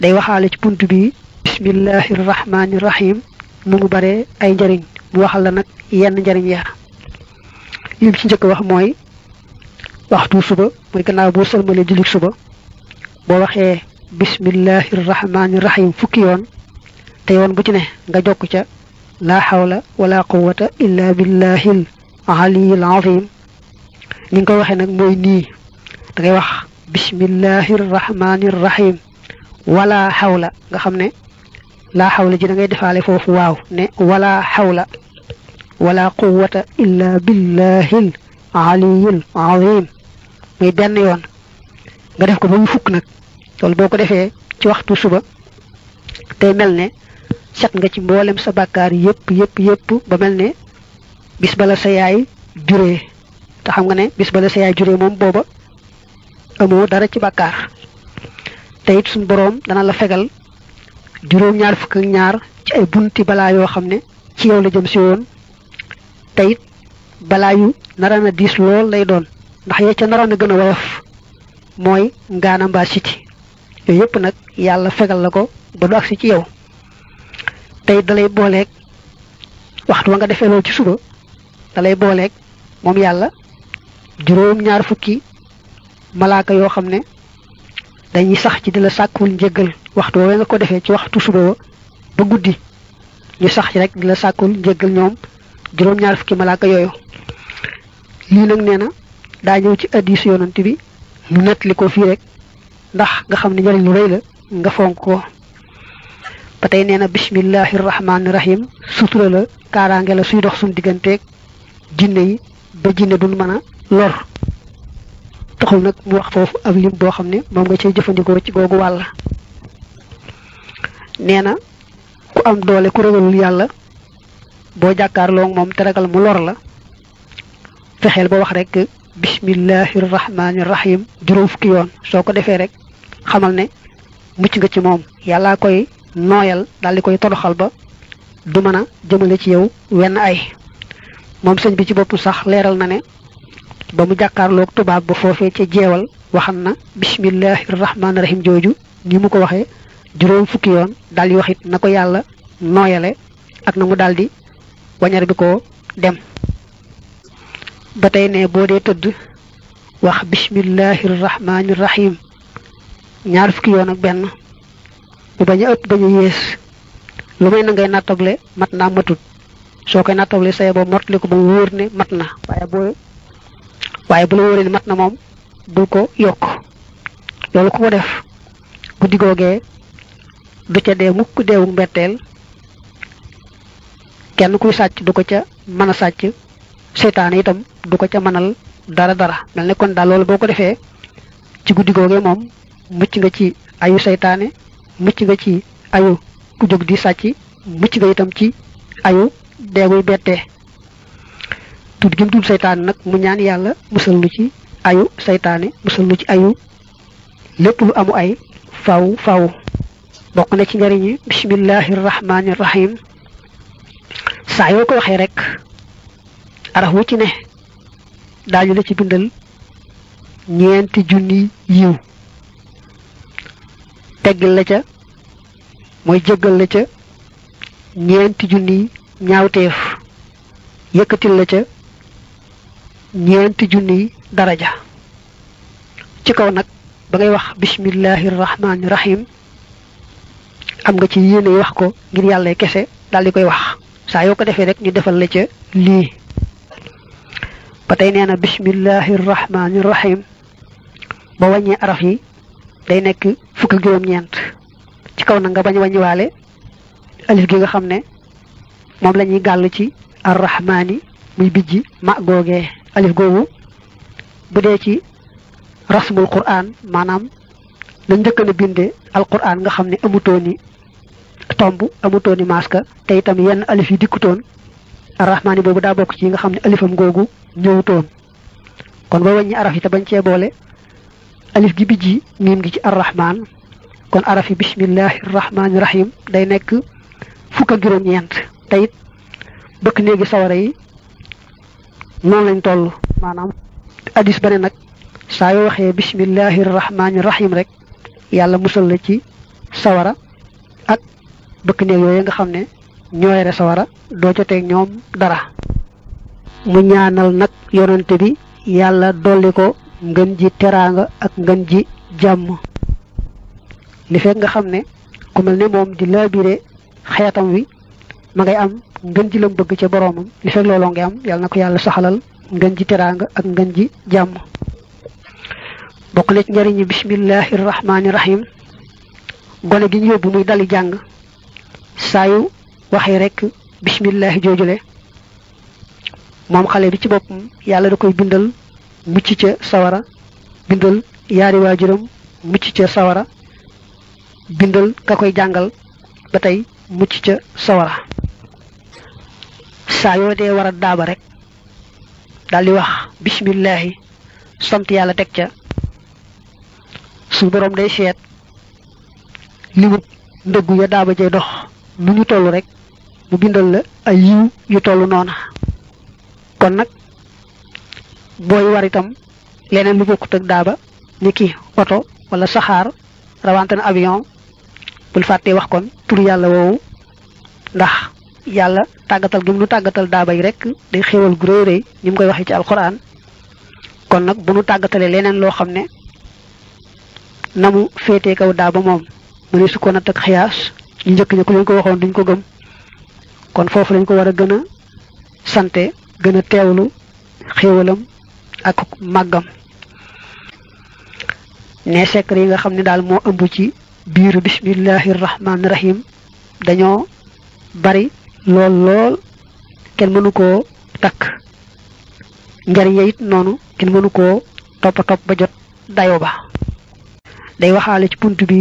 day waxaale ci bunt bi bismillahi rahmaani rahim nu mu bare ay njariñ mu waxal la nag yenn njariñ yaa lim ci njëkk wax mooy waxtu suba mooy gannaaw boo sëlmalee jullit suba boo waxee bismillahi rahmaani rahim fukki yoon te yoon bu ci ne nga jokk ca laa xawla wala quwata illa billahil aliyil azim ni koy waxee nag mooy nii da wax bismillahi rahmaani wala xawla nga xam ne laa xawla ji dangay ngay defaale foofu waaw ne wala xawla wala quwwata illa billahil aliyil azim muy benn yoon nga def ko ba mu fukk nag loolu boo ko defee ci waxtu suba tey mel ne set nga ci mboolem sa bàkkaar yëpp yëpp yëpp ba mel ne bis bala sa yaay juree te xam nga ne bis bala sa yaay juree moom booba amoo dara ci bàkkaar te it suñ boroom dana la fegal juróom-ñaar fukk ñaar ci ay bunti balaa yoo xam ne ci yow la jëm si woon te it balaa yu naraan a diis lool lay doon ndax yee ca naraan a gën a woyof mooy ngaana mbaa siti yooyu yëpp nag yàlla fegal la ko ba du agsi ci yow tey dalay booleek waxtu wa nga defee loolu ci suba dalay booleek moom yàlla juróom ñaar fukki malaaka yoo xam ne dañuy sax ci dila sàkkul njëggal waxtu woowee nga ko defee ci waxtu suba ba guddi ñu sax ci rek dila sàkkul njëggal ñoom juróom ñaar fukki malaaka yooyu lii nag nee na daa ñëw ci addis yonant bi ñu nettali ko fii rek ndax nga xam ne njëriñ lu rëy la nga fonk ko ba tey nee na bismillahi rahmaani rahim sutura la kaaraange la suy dox sun digganteeg jinne yi ba jinne duñ mën a lor taxul nak mu wax fofu ak lim bo xamne mom nga cey jëfëndiko ci gogu wàll neena ku am doole ku yalla bo boo lo mom te ragal mu lor la fexel ba wax rek bismillahir rahmanir rahim juroof ki yoon soko defé rek xamal ne mucc nga ci mom yalla koy noyal dal di koy toroxal ba du mën jëmele ci yow wenn ay mom señ bi ci bopp sax leral na ne ba mu jàkkaarloog tubaab ba foofee ca jeewal waxan na bismillahi rahmaani rahim jooju ni mu ko waxee juróom fukki yoon daal di waxit na ko ak na mu wañar bi ko dem ba tey ne boo dee tëdd wax bismillahi rahmaani rahim ñaar fukki yoon ak benn bu bañ a ëpp bañ a lu may na ngay nattable mat naa matut soo koy nattable saye boo mottali ko ba mu wóor ne mat na waaye waaye bu la wóoree mat na moom bul ko yokk loolu ku ko def guddi googee du ca dee mukk deewu mbetteel kenn kuy sàcc du ko ca mën a sàcc seytaane itam du ko ca mënal dara dara mel ne daal loolu boo ko defee ci guddi googee moom mucc nga ci ayu seytaane mucc nga ci ayu ku jóg di sàcc mucc nga itam ci ayu deeguy bettee tudd gi mu seytaane nag mu ñaan yàlla musal lu ci ayu seytaane musal lu ci ayu lépp lu amu ay faw faw bokk na ci njëriñi bismillahi rahmaani rahim saa yoo ko waxee rek araf wu ci ne daañu la ci bindal ñeenti junni yiw teggil la ca mooy jëggal la ca ñeenti junni ñaawteef yëkkatil la ca ñeenti junni daraja ci kaw nak ba ngay wax bismillahir rahmanir rahim am nga ci yene wax ko ngir yalla kesse dal di koy wax sa yo ko defé rek ñu defal la ci li patay neena bismillahir rahmanir rahim ba wañi araf yi day nek fukk juroom ñent ci kaw na nga bañ wañi walé alif gi nga xamné mom lañuy gal ci ar muy bijji ma alif googu bu dee ci rasmul quraan maanaam na njëkk a binde alquraan nga xam ne amutooni tomb amutooni maska te itam yenn alif yi dikkutoon arrahmaani boobu daa bokk ci nga xam ne alifam googu ñëwutoon kon boo wàññi araf yi te bañ cee boole alif gi bijji miim gi ci arrahmaan kon araf yi bismillahi rahmaani rahim day nekk fukk ak juróom-ñeent te it bëkk néegi sawara yi non lañ tollu manam hadith bari nak sa yo waxe bismillahir rahmanir rahim rek yalla musul la ci sawara ak bëkk ne yoy nga xamne ñoy ré sawara do ci tek ñom dara mu ñaanal nak yonante bi yalla dolli ko ngën ji teranga ak ngën ji jamm li fek nga xamne ku melni mom di labiré xéetam wi ma ngay am ngën ji lam bëgg ca boroomam li fekk looloo ngi am yàlla na ko yàlla saxalal ngën ji teraanga ak ngën ji jàmm bokk na ci njëriñu bismillahi rahmaani gone gi ñu yóbbu muy dali jàng saa yu waxee rek bismillahi joojule moom xale bi ci boppam yàlla da koy bindal mucc ca sawara bindal yaari waajuram mucc ca sawara bindal ka koy jàngal ba tey mucc ca sawara saa yoo dee war daaba rek daal di wax bisimillahi sant yàlla teg ca su boroom day seet li ndëggu ya daaba jay dox nu ñu toll rek mu bindal la ay yiw yu toll noona kon nag booy waritam leneen lu bokkut daaba ni ki oto walla saxaar rawante na avion bul fàttee wax kon tur yàlla woowu ndax yàlla tàggatal gi mu lu tàggatal daaba yi rek day xéwal gu rëy rëy ni mu koy waxee ci alxuraan kon nag bu nu tàggatalee leneen loo xam ne na mu féetee kaw daaba moom mu ne su ko ak xiyaas ñu njëkk ña ku leen ko waxoon duñ ko gëm kon foofu lañ ko war a gën a sante gën a teewlu xéwalam ak màggam ne secret yi nga xam ne daal moo ëmb ci biiru bismillahi rahmaani rahim dañoo bari lool lool kenn mënu ko takk njariñ ya it noonu kenn mënu ko topp a topp ba jot dayo ba day waxaale ci bunt bi